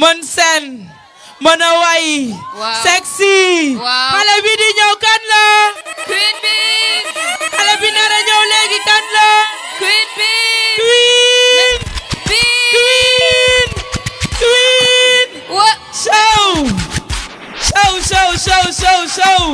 mën seen mën a way sexy xale bi di ñëw kan la queen bi xale bi nar a ñëw léegi kan la queen bi queen queen queen show show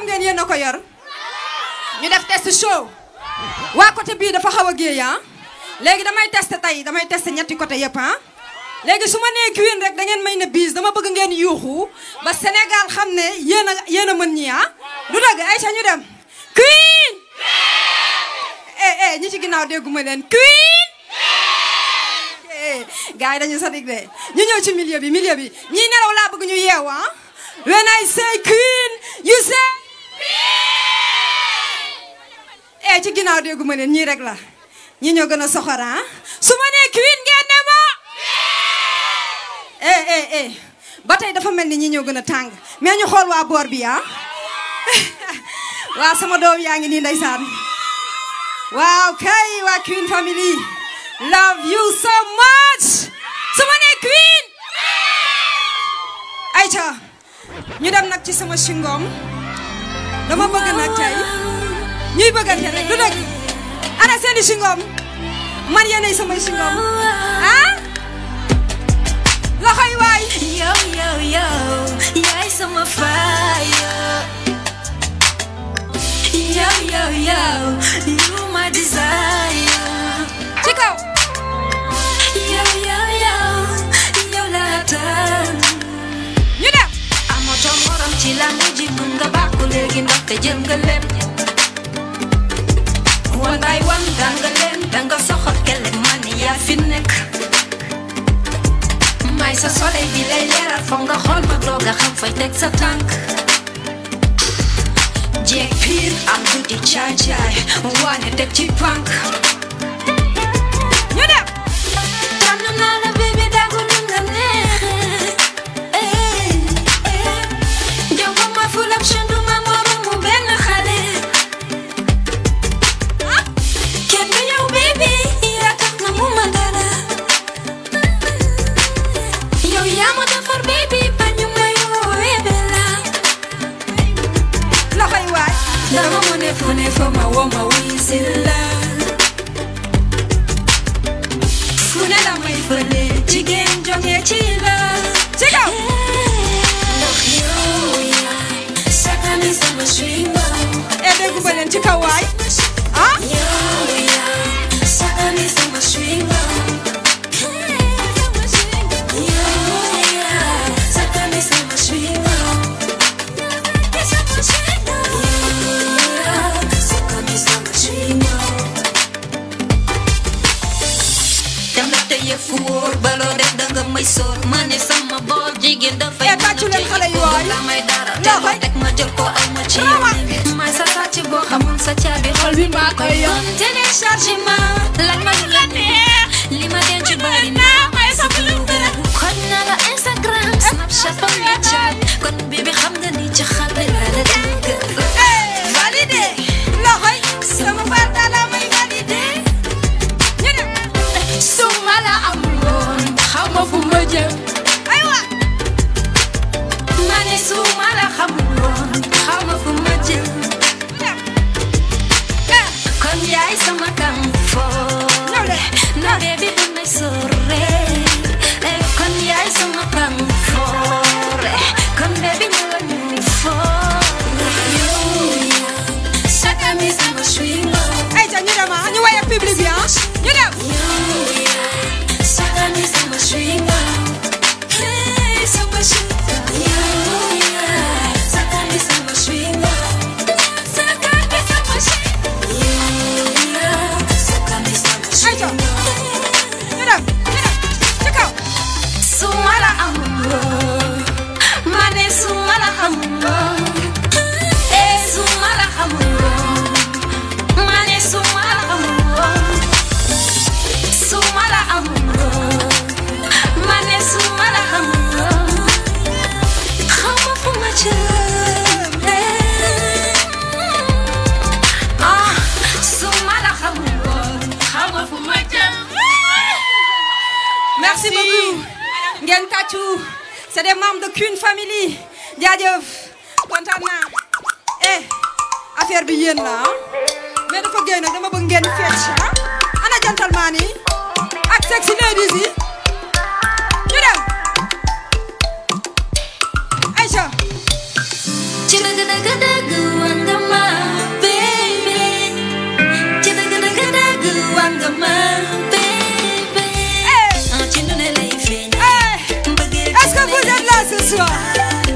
xam ngeen yéen a ko yor ñu def test show waa côté bii dafa xaw a géey ah léegi damay test tey damay test ñetti côté yëpp ah. léegi su ma nee Queen rek da ngeen may ne bis dama bëgg ngeen yuuxu ba Sénégal xam ne yéen a yéen a mën ñi ah du dëgg ay sa ñu dem Queen eh eh ñi ci ginnaaw dégguma leen Queen eh, gars yi dañu sadik de ñu ñëw ci milieu bi milieu bi ñii nelaw laa bëgg ñu yeew ah I say Queen you say eh ci ginnaaw déggu ma leen ñii rek la ñi ñoo gën a soxora ah. su ma nee Queen ngeen ne ma eh, eh, eh. ba tey dafa mel ni ñii ñoo gën a tàng mais ñu xool waa boor bi ah waa sama doom yaa ngi nii ndeysaan waaw kay waa Queen family love you so much su ma nee Queen ayca ñu dem nag ci sama shingoom dama bëgg nag tey ñuy bëggante rek du dëgg ana seeni singoom man yéenay samay singoom ah loxoy waay yow yow yow yaay sama faayo yow yow yow te jël nga leen one by one danga leen danga soxor kelleeg man yaa fi nekk may sa soleil bi lay leeral foog nga xool ba doog a xam fay teg sa tànk jeeg piir ak guddi caay caay waane teg ci pànk ñu dem Kone foma woma wizilla Kuna la maifale Jigen jonge chila may sóor ma ne sama boor jigéen dafay eh, tàccu leen xale yu waay la may dara te ma teg ma jël ko ay ma ci may sa sàcc boo xamul sa caabi xol bi maa koy yor télécharge ma lan ma la neex li ma denc bari na may sa bulu kon na la Instagram eh. Snapchat Queen Family jaajëf kontaan naa eh bi yéen la ah. mais dafa géy nag dama bëgg fecc ah. ana gentleman yi ak sexy ladies ci wa.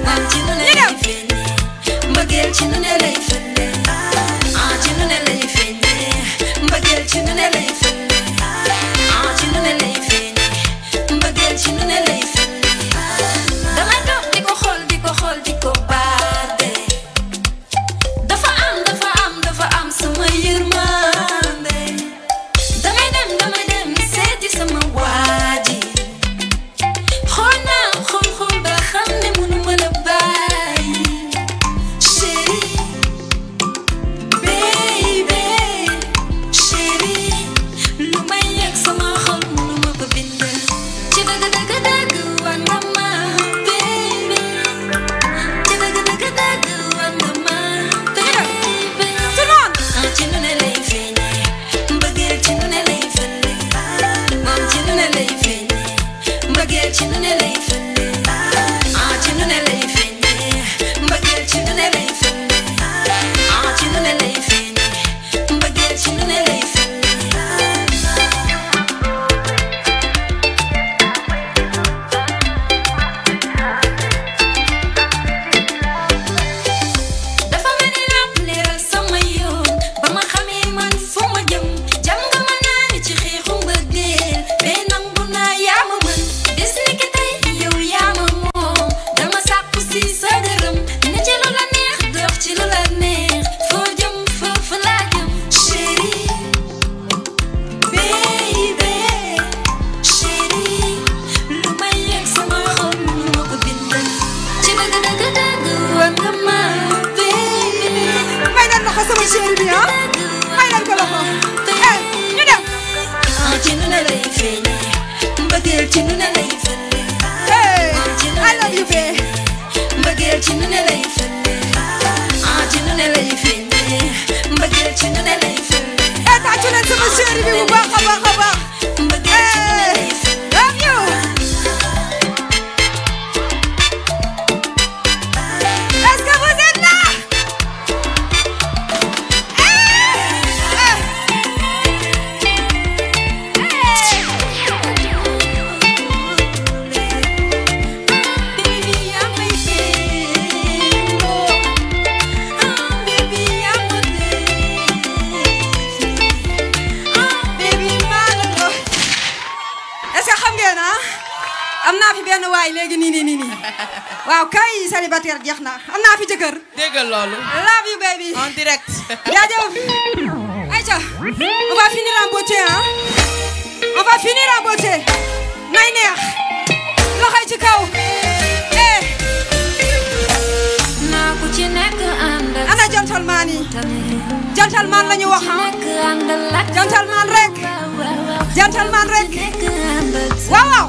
maam ci lu ne lay fenn mbëggeel ci lu ne lay fenn. bàyyi léegi nii nii waaw kay célibataire jeex na am naa fi jëkkër. déggal loolu. love you baby. en direct. jaajëf. ayca on va finir en beauté ah. on va finir nay neex. loxoy ci kaw. eh. ana gentleman yi. gentleman la ñu gentleman rek. waaw waaw.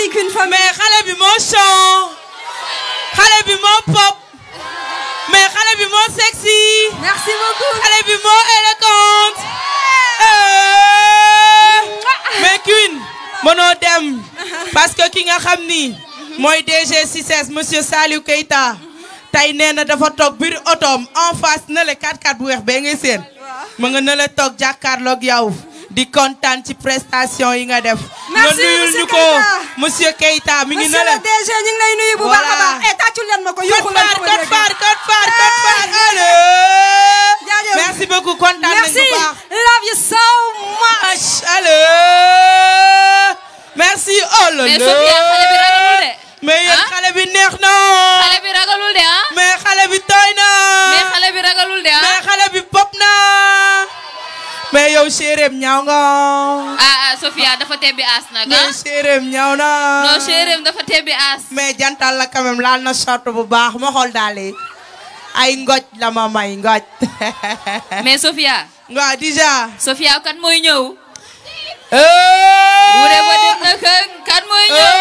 ainsi qu'une bi moo chon xale bi moo pop eh. mënoo dem parce que ki nga xam ni mooy DG CICES monsieur Saliou Keita tey nee na dafa toog biir otoom en face na le 4 weex bee ngay seen. nga na la toog jàkkaarloog yaw di kontaan ci prestation yi nga def. merci monsieur Keita nga nuyul ñu ko monsieur Keita mi ngi. ne la monsieur le DG ñu ngi lay nuyu bu baax a baax. voilà eh, tàccul leen ma ko yóbbu leen ko code barre code barre code barre allo. merci beaucoup kontaan nañu bu baax. merci love you so much. allo. merci oh la la. mais Sophia xale bi ragalul de. mais yéen xale bi neex na. xale bi ragalul de ah. mais xale bi tooy na. mais xale bi ragalul de ah. mais xale bi pop na. mais yow séeréem ñaw nga. ah ah Sofia dafa tebbi aas nag ah. mais séeréem ñaaw na. non dafa tebbi aas. mais jantal la quand même laal na sort bu baax ma xol daal ay ngoj la ma may ngoj. mais Sofia. waaw déjà. Sofia kan mooy ñëw. Eh! wuure ba dem na kan kan mooy eh! ñëw.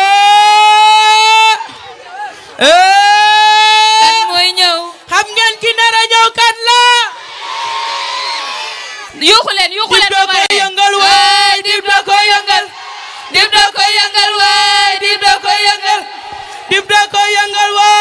Eh! kan mooy ñëw. xam ngeen ki nar a ñëw kan la. yuuxu leen yuuxu leen ba pare dib da koy yëngal waay dib da koy yëngal. dib da koy yëngal waay dib da koy yëngal. dib da koy yëngal waay.